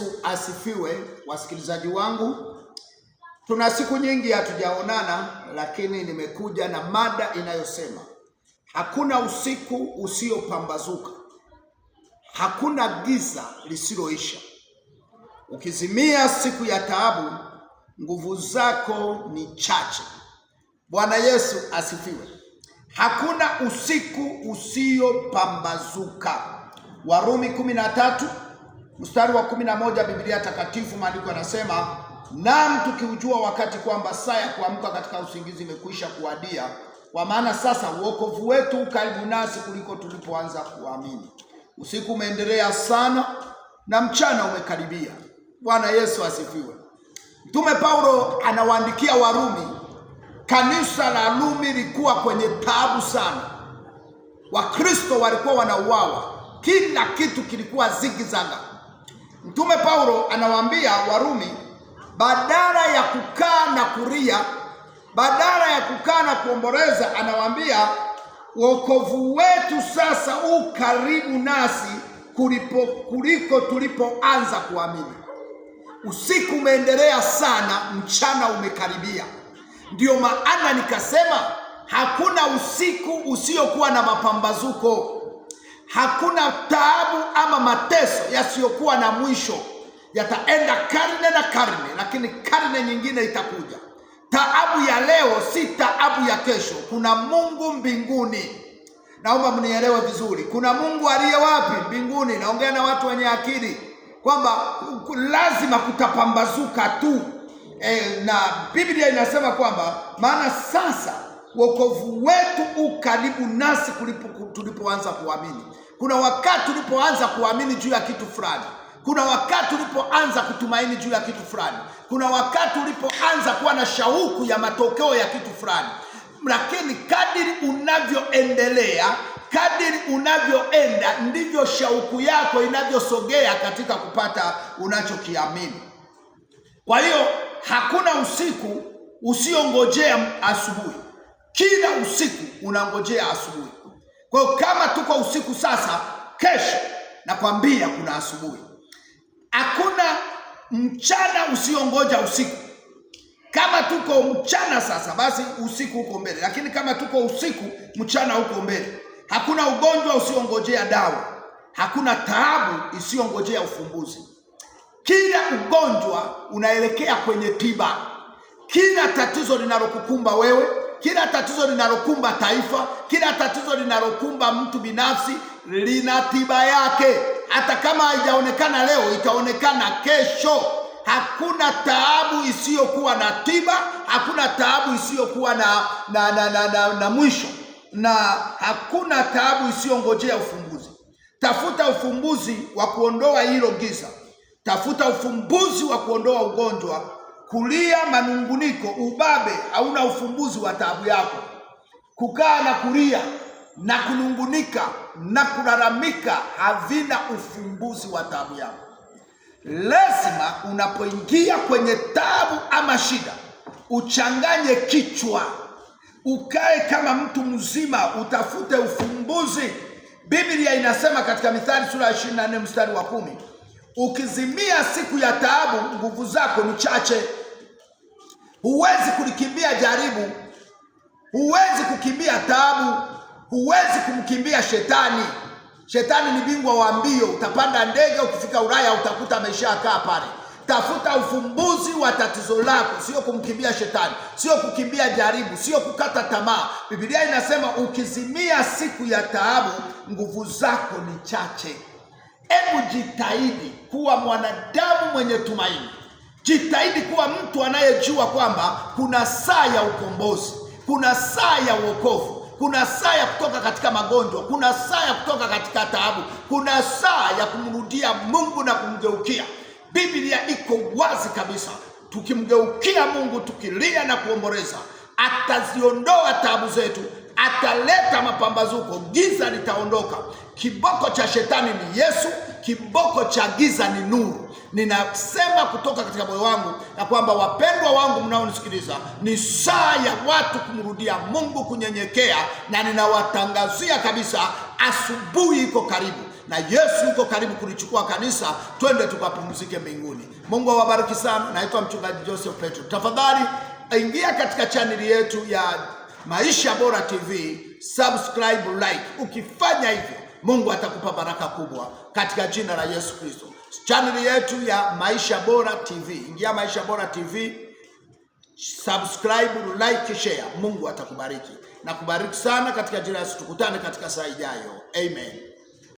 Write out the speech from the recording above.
Yesu asifiwe. Wasikilizaji wangu, tuna siku nyingi hatujaonana, lakini nimekuja na mada inayosema hakuna usiku usiopambazuka, hakuna giza lisiloisha. Ukizimia siku ya taabu, nguvu zako ni chache. Bwana Yesu asifiwe. Hakuna usiku usiopambazuka. Warumi kumi na tatu mstari wa kumi na moja Biblia Takatifu, maandiko yanasema nam tukiujua wakati kwamba saa ya kuamka katika usingizi imekwisha kuadia, kwa maana sasa uokovu wetu ukaribu nasi kuliko tulipoanza kuamini. Usiku umeendelea sana na mchana umekaribia. Bwana Yesu asifiwe. Mtume Paulo anawaandikia Warumi. Kanisa la Rumi likuwa kwenye taabu sana, Wakristo walikuwa wanauawa, kila kitu kilikuwa zigizaga, Mtume Paulo anawaambia Warumi, badala ya kukaa na kulia, badala ya kukaa na kuomboleza, anawaambia wokovu wetu sasa u karibu nasi kulipo, kuliko tulipoanza kuamini. Usiku umeendelea sana, mchana umekaribia. Ndiyo maana nikasema hakuna usiku usiokuwa na mapambazuko. Hakuna taabu ama mateso yasiyokuwa na mwisho. Yataenda karne na karne, lakini karne nyingine itakuja. Taabu ya leo si taabu ya kesho. Kuna Mungu mbinguni. Naomba mnielewe vizuri, kuna Mungu aliye wapi? Mbinguni. Naongea na watu wenye akili kwamba lazima kutapambazuka tu e, na Biblia inasema kwamba maana sasa wokovu wetu ukaribu nasi tulipoanza kuamini. Kuna wakati tulipoanza kuamini juu ya kitu fulani, kuna wakati ulipoanza kutumaini juu ya kitu fulani, kuna wakati ulipoanza kuwa na shauku ya matokeo ya kitu fulani, lakini kadiri unavyoendelea kadiri unavyoenda ndivyo shauku yako inavyosogea katika kupata unachokiamini. Kwa hiyo hakuna usiku usiongojea asubuhi, kila usiku unangojea asubuhi. Kwa hiyo kama tuko usiku sasa, kesho nakwambia kuna asubuhi. Hakuna mchana usiongoja usiku. Kama tuko mchana sasa, basi usiku uko mbele, lakini kama tuko usiku, mchana uko mbele. Hakuna ugonjwa usiongojea dawa, hakuna taabu isiyongojea ufumbuzi. Kila ugonjwa unaelekea kwenye tiba, kila tatizo linalokukumba wewe kila tatizo linalokumba taifa, kila tatizo linalokumba mtu binafsi lina tiba yake. Hata kama haijaonekana leo, itaonekana kesho. Hakuna taabu isiyokuwa na tiba, hakuna taabu isiyokuwa na, na, na, na, na, na mwisho, na hakuna taabu isiyongojea ufumbuzi. Tafuta ufumbuzi wa kuondoa hilo giza, tafuta ufumbuzi wa kuondoa ugonjwa Kulia manunguniko, ubabe hauna ufumbuzi wa taabu yako. Kukaa na kulia na kunungunika na kulalamika havina ufumbuzi wa taabu yako. Lazima unapoingia kwenye taabu ama shida, uchanganye kichwa, ukae kama mtu mzima, utafute ufumbuzi. Biblia inasema katika Mithali sura ya 24 mstari wa kumi, ukizimia siku ya taabu, nguvu zako ni chache. Huwezi kulikimbia jaribu, huwezi kukimbia taabu, huwezi kumkimbia shetani. Shetani ni bingwa wa mbio. Utapanda ndege, ukifika Ulaya utakuta ameshakaa pale. Tafuta ufumbuzi wa tatizo lako, sio kumkimbia shetani, sio kukimbia jaribu, sio kukata tamaa. Biblia inasema ukizimia siku ya taabu, nguvu zako ni chache. Hebu jitahidi kuwa mwanadamu mwenye tumaini. Jitahidi kuwa mtu anayejua kwamba kuna saa ya ukombozi, kuna saa ya uokovu, kuna saa ya kutoka katika magonjwa, kuna saa ya kutoka katika taabu, kuna saa ya kumrudia Mungu na kumgeukia. Biblia iko wazi kabisa, tukimgeukia Mungu tukilia na kuomboleza, ataziondoa taabu zetu, ataleta mapambazuko, giza litaondoka, kiboko cha shetani ni Yesu. Kiboko cha giza ni nuru. Ninasema kutoka katika moyo wangu ya kwamba wapendwa wangu mnaonisikiliza, ni saa ya watu kumrudia Mungu, kunyenyekea, na ninawatangazia kabisa, asubuhi iko karibu na Yesu yuko karibu kulichukua kanisa, twende tukapumzike mbinguni. Mungu awabariki sana. Naitwa mchungaji Joseph Petro. Tafadhali ingia katika chaneli yetu ya Maisha Bora TV, subscribe, like. Ukifanya hivyo Mungu atakupa baraka kubwa katika jina la Yesu Kristo. Chaneli yetu ya Maisha Bora TV, ingia Maisha Bora TV, subscribe, like, share. Mungu atakubariki na kubariki sana katika jina la Yesu. Tukutane katika saa ijayo, amen.